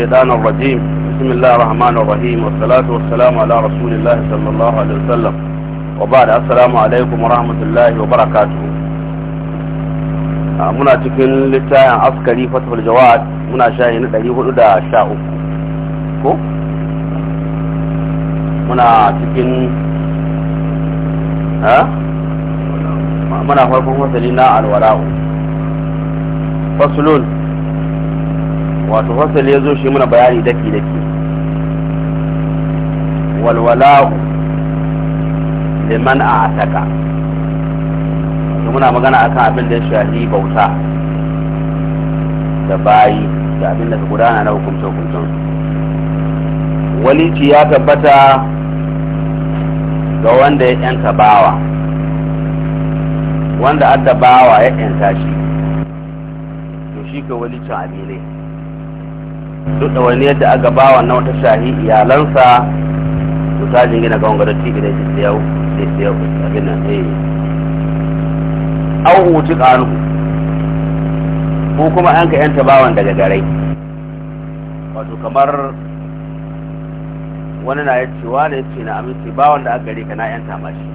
الشيطان الرجيم بسم الله الرحمن الرحيم والصلاة والسلام على رسول الله صلى الله عليه وسلم وبعد السلام عليكم ورحمة الله وبركاته muna cikin littafin askari fatahul jawad muna shahi na 413 ko muna cikin ha muna farkon wasali na alwara'u fasulun wato fasal ya zo shi muna bayani daki daki walwalahu liman a ataka muna magana akan abin da ya shafi bauta da bayi da abin da ka gudana na hukunce hukuncin walici ya tabbata ga wanda ya yanta bawa wanda adda ya yanta shi to shi ka wali walicin abinai duk da wani yadda aka ba wannan wata shahi iyalansa to ta jingina ga wanga da tibi da shi yau sai yau abin nan ne eh. au uti qalu ko kuma an ka yanta bawan daga garai wato kamar wani na yace ne, yace na aminci bawan da aka gare ka na yanta mashi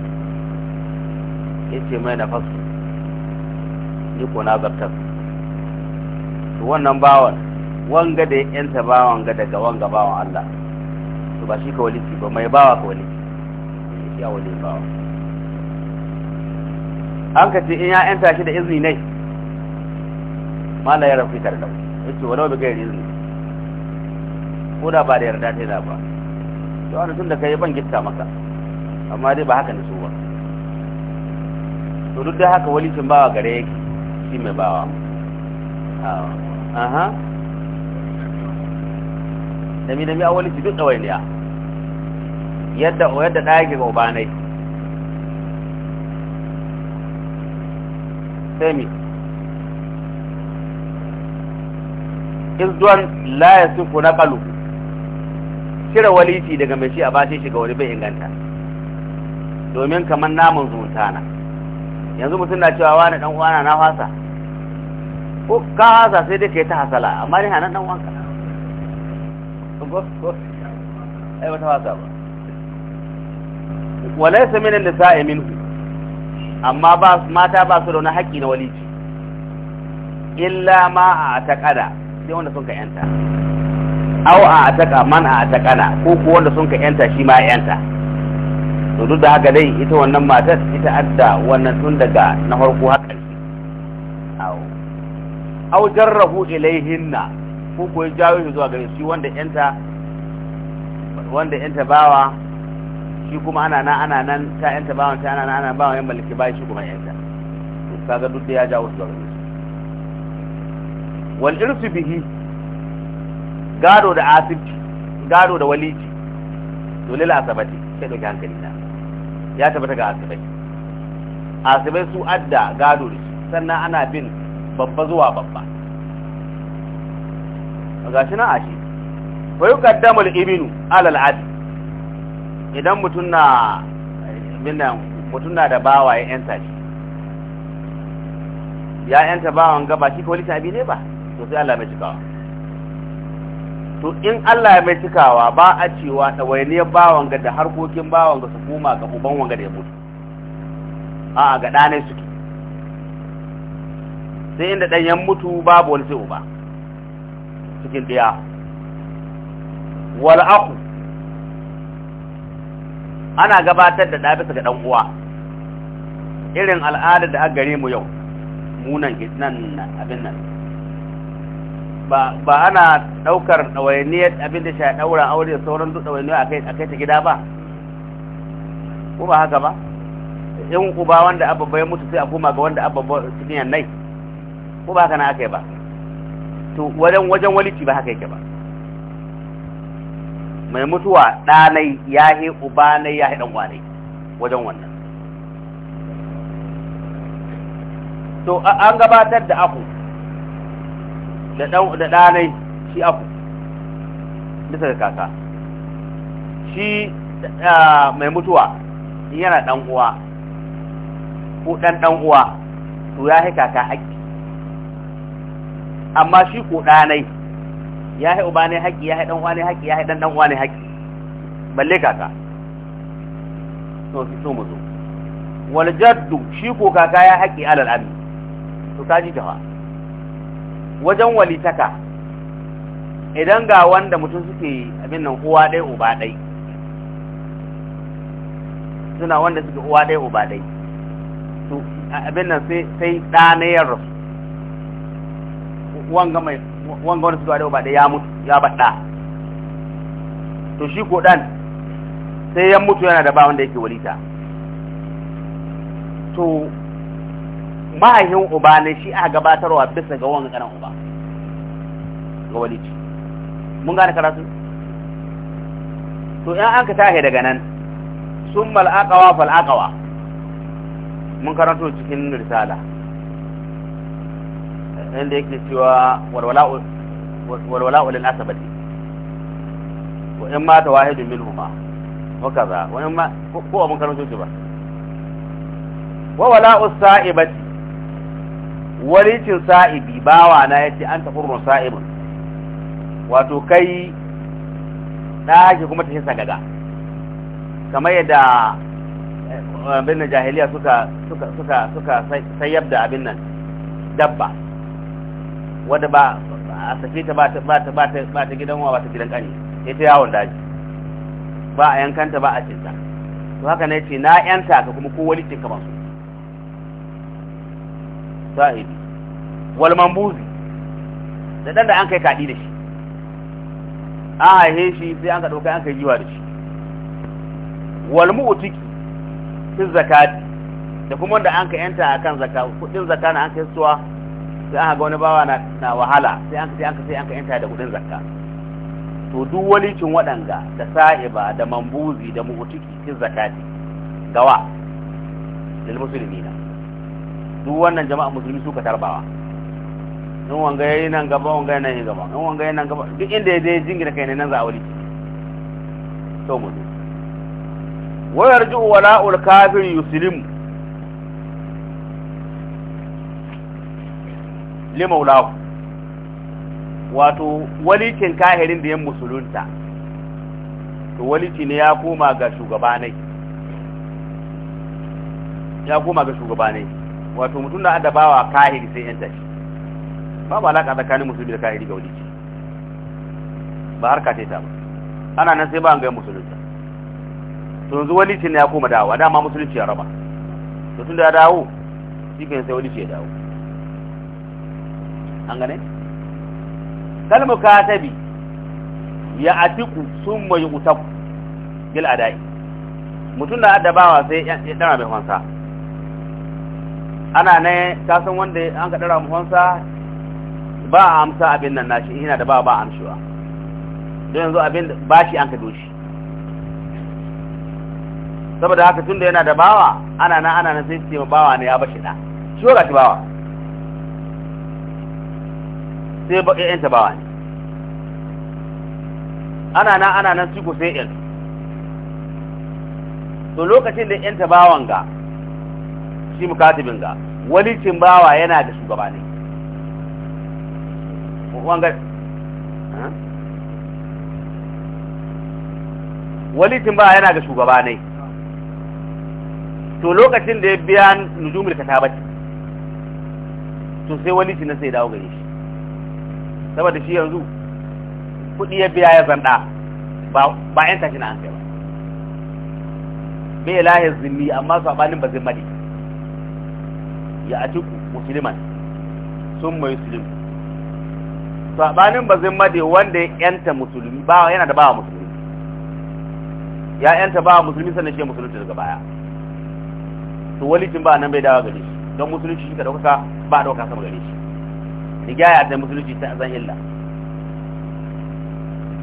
yace mai nafasu ni ko na zartar wannan bawan wanga da ya yanta bawan ga daga wanga bawan Allah to ba shi ka wali ba mai bawa ka wali ya wali bawa an ka ce in ya yanta shi da izini ne mala ya rafi tarda yace walau bi gairi izini ko da ba da yarda ta da ba to an tun da kai ban gitta maka amma dai ba haka ne su ba to duk da haka walicin bawa gare yake shi mai bawa aha nami nami awali ci duk dawainiya yadda o yadda da yake ga ubanai sami izduwan la na naqalu cire waliti daga mai shi a bashe shiga wani bai inganta domin kamar namun zumunta na yanzu mutum na cewa wani ɗan'uwa uwana na fasa ko ka hasa sai dai ka yi ta hasala amma ni hannun ɗan'uwanka ai wata wasa ba walaysa min an-nisa'i minhu amma mata ba su da wani haƙƙi na walici illa ma a taqada sai wanda sun ka yanta aw a taqa man a taqana ko ku wanda sun ka yanta shi ma yanta to duk da haka dai ita wannan matar ita adda wannan tun daga na harko haka aw aw jarrahu hinna. ko ko ya jawo shi zuwa gare shi wanda yanta wanda yanta bawa shi kuma ana nan ana nan ta yanta bawa ta ana nan ana bawa yan mallaki bai shi kuma yanta to kaga duk da ya jawo shi zuwa gare shi wal irsu bihi gado da asibci gado da waliji dole la asabati sai da hankali na ya tabbata ga asibai asibai su adda gado da shi sannan ana bin babba zuwa babba gashi na ashi wa yuqaddamu al-ibnu ala al-'abd idan mutun na minna mutun na da bawa ya yanta shi ya yanta bawan ga shi ko lita ne ba to sai Allah mai cikawa to in Allah ya mai cikawa ba a cewa dawainiyar bawan ga da harkokin bawan ga su kuma ga uban wanga da ya mutu a ga ɗanai suke sai inda dan yan mutu babu wani sai uba cikin ɗaya wal aku ana gabatar da ɗa ga ɗan uwa irin al'adar da aka gare mu yau munan nan abin nan ba ba ana daukar ɗawainiyar abin da shi daura aure da sauran duk ɗawainiyar akai akai ta gida ba ko ba haka ba in uba wanda abba bai mutu sai a koma ga wanda abba cikin yannai ko ba haka na akai ba to wajen wajen walici ba haka yake ba mai mutuwa ɗanai ya yi ubanai ya yi ɗanwanai wajen wannan to an gabatar da aku da ɗanai shi aku bisa da kaka shi mai mutuwa yana ɗan'uwa ko ɗan ɗan'uwa to ya yi kaka ake amma shi ko ɗanai ya haɗu ba ne haƙi ya haɗu ɗan'uwa ne haƙi ya haɗu ɗan'uwa ne haƙi balle kaka to so mu zo wal jaddu shi ko kaka ya haƙi alal ami to kaji jawa wajen walitaka idan ga wanda mutum suke abin nan uwa ɗai uba ɗai suna wanda suke uwa ɗai uba ɗai to abin nan sai ɗanayar rasu wanga mai wanga wanda suka da ba da ya mutu ya badda to shi ko dan sai ya mutu yana da ba wanda yake walita to mahaihin uba ne shi aka gabatarwa bisa ga wanga kanan uba ga waliti mun gane karatu to ƴan aka tahe daga nan sun mal'aqawa fal'aqawa mun karanto cikin risala inda yake cewa walwala ulil asabati wa in mata wahidun minhuma wa kaza wa in ma ko abun karanto shi ba wa wala usaibati walicin sa'ibi bawa na yace an tafurru sa'ibun wato kai ake kuma ta sagaga kamar yadda eh, abin jahiliya suka suka suka suka sayyab da abin nan dabba wadda ba a sake ta ba ta gidan wa ba ta gidan kani ta yawon daji ba a yankanta ba a cinta to haka na ce na yanta ka kuma kowani cin kamar su sa'ibi walman buzi da ɗan da an kai kaɗi da shi an haihe shi sai an ka ɗauka an kai jiwa da shi walmu utiki fi zakati da kuma wanda an ka yanta kan zakka kuɗin zakka na an kai suwa sai aka ga wani bawa na wahala sai an sai an sai an yanta da kudin zakka to duk walicin waɗanga da sa'iba da mambuzi da mu'tiki ki zakati gawa lil na duk wannan jama'a musulmi suka tarbawa in wanga yayi nan gaba wanga yana yin gaba in wanga yana gaba duk inda ya je jingina kai ne nan za a wali to mu wayarju wala'ul kafir yuslimu limaulahu wato walicin kahirin da yan musulunta to walici ne ya koma ga shugabanai ya koma ga shugabanai wato mutum da adabawa kahiri sai yan tashi ba alaka tsakanin musulmi da kahiri ga walici ba harka ce ta ba ana nan sai ba an ga musulunta to yanzu walici ne ya koma dawa dama musulunci ya raba to tun da ya dawo shi sai walici ya dawo an gane kalmu katabi ya atiku sun mai utaku bil adai mutum da adabawa sai ya dama mai hansa ana ne kasan wanda an ka dara hansa ba a amsa abin nan nashi ina da ba ba amshiwa don yanzu abin ba shi an ka doshi saboda haka tun da yana da bawa ana na ana na sai su ce bawa ne ya bashi da shi ga shi bawa sai ba ƴaƴan ta ne ana nan ana nan siko sai il to lokacin da ƴan ta ga shi mukatibin ga walicin bawa yana da shugaba ne wanga walicin bawa yana da shugaba ne to lokacin da ya biya nujumul katabati to sai walicin na sai dawo gare shi saboda shi yanzu kuɗi ya biya ya zanda ba ba yan tashi na hankali ba. Me ya lahi zimmi amma a ba zimmadi ya cikin musulman sun mai a sabanin ba mali wanda ya yanta musulmi ba yana da ba musulmi ya yanta ba musulmi sannan shi musulunci daga baya to walicin ba nan bai dawo gare shi don musulunci shi ka dauka ba dauka sama gare shi rigaya da musulunci ta zan illa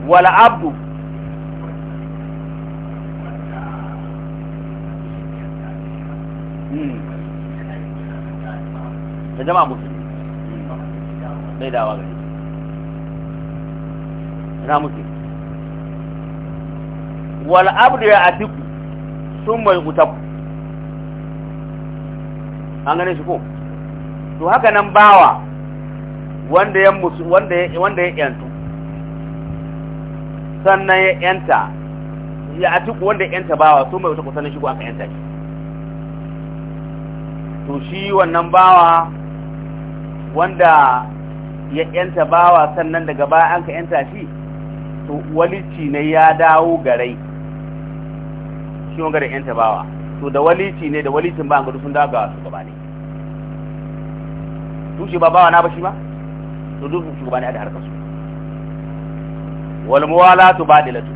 wala abdu hmm. da jama'a musulmi hmm. bai dawa gari na musulmi wal abdu ya atiku sun mai utaku an gane shi ko to haka nan bawa wanda ya musu wanda ya wanda ya yantu sannan ya yanta ya atiku wanda ya yanta bawa to mai wata kusanin shigo aka yanta shi to shi wannan bawa wanda ya yanta bawa sannan daga baya an ka yanta shi to walici ne ya dawo garai shi wanga da yanta bawa to da walici ne da walicin ba an ga sun dawo ga su gaba ne tushe ba bawa na ba shi ba to duk shugabani da harkar su wal muwalatu badilatu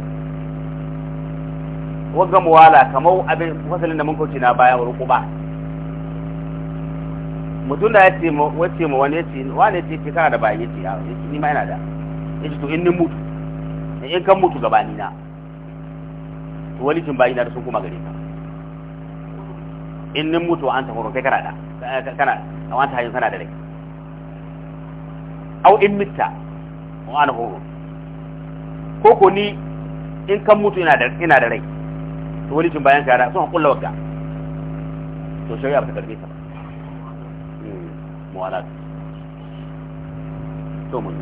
wagga muwala kamar abin fasalin da mun kauce na baya wa kuba mutum da ya ce wace mu wani yace wani yace ce kana da baya yace ya yace ah, ni ma ina da yace to in ni mutu in kan mutu gabani na to wani jin bayi na da sun kuma gare ka in ni mutu an ta horo kai kana da kana an ta hanyar kana da rai au in mitta wa ana hoho ko ko ni in kan mutu ina da ina da rai to wani jin bayan kara sun kulla wakka to shari'a ba ta karbe ta hmm, to mun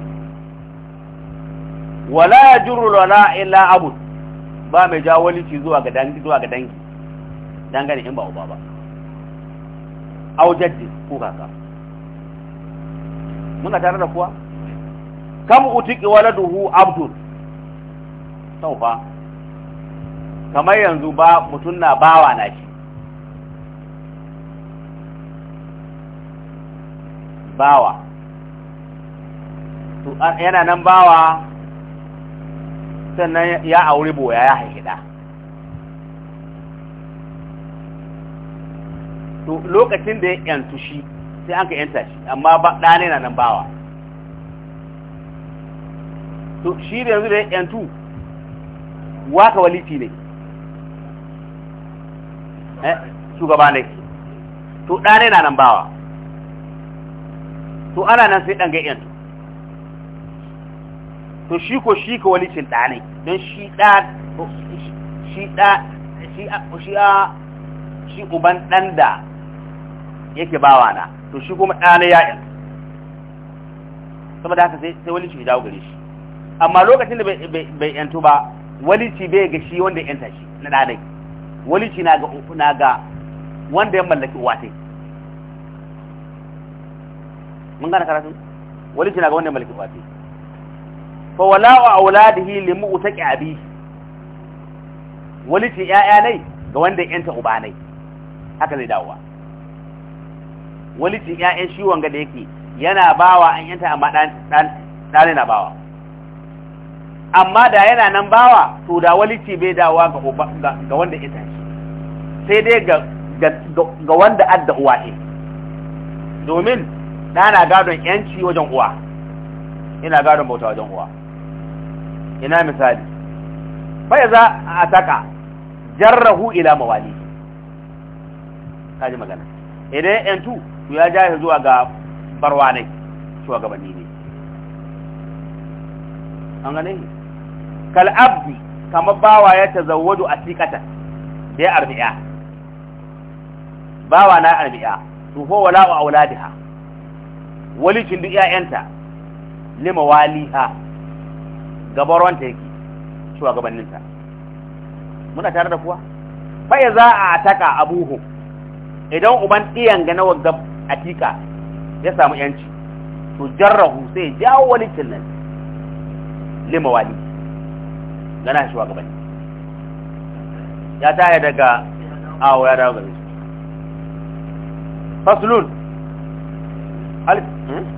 wala yajru lana illa abu ba mai jawo walici zuwa ga dangi zuwa ga dangi dangane in ba uba ba au jaddi ko kaka muna tare da kuwa kam utiki waladuhu abdun taufa kamar yanzu ba mutum na bawa na shi bawa yana nan bawa sannan ya auri boya ya haihida to lokacin da ya yantu shi sai an ka yanta shi amma ba ɗane na nan bawa to shi da yanzu da yantu waka waliti ne eh, shugaba ne to ɗane na nan bawa to ana nan sai ɗan ga yantu to shi ko shi ka walicin ɗane don shi ɗa shi ɗa shi a shi uban ɗan da yake bawa na to shi kuma ɗana ya in saboda haka sai wani ci dawo gare shi amma lokacin da bai yanto ba wani ci bai ga shi wanda yanta shi na ɗanai wani ci na ga wanda ya mallaki uwa mun gane karatu wani ci na ga wanda ya mallaki uwa sai fa wala wa auladihi limu mu'taqi abi wani ci ya'ya nai ga wanda yanta uba nai haka zai dawowa cin ƴaƴan shi wanga da yake yana bawa an yanta amma dan dan yana bawa amma da yana nan bawa to da ce bai dawa ga ga wanda ita shi sai dai ga ga wanda adda uwa ne domin na gadon yanci wajen uwa ina gadon bauta wajen uwa ina misali fa za a taka jarrahu ila mawali kaji magana idan yantu to ya ja shi zuwa ga barwa ne bani ne an gane kal abdi kama bawa ya tazawwaju asikata sai arbi'a bawa na arbi'a to ho wala wa auladiha kin duk iyayenta lima waliha ta yake shugabanninta muna tare da kuwa fa za a taka abuhu idan uban iyan ga nawa atika ya samu yanci to jarrahu sai jawo wani nan lima wali gana shi wa gabani ya taya daga awo ya dawo gabani faslun alif hmm?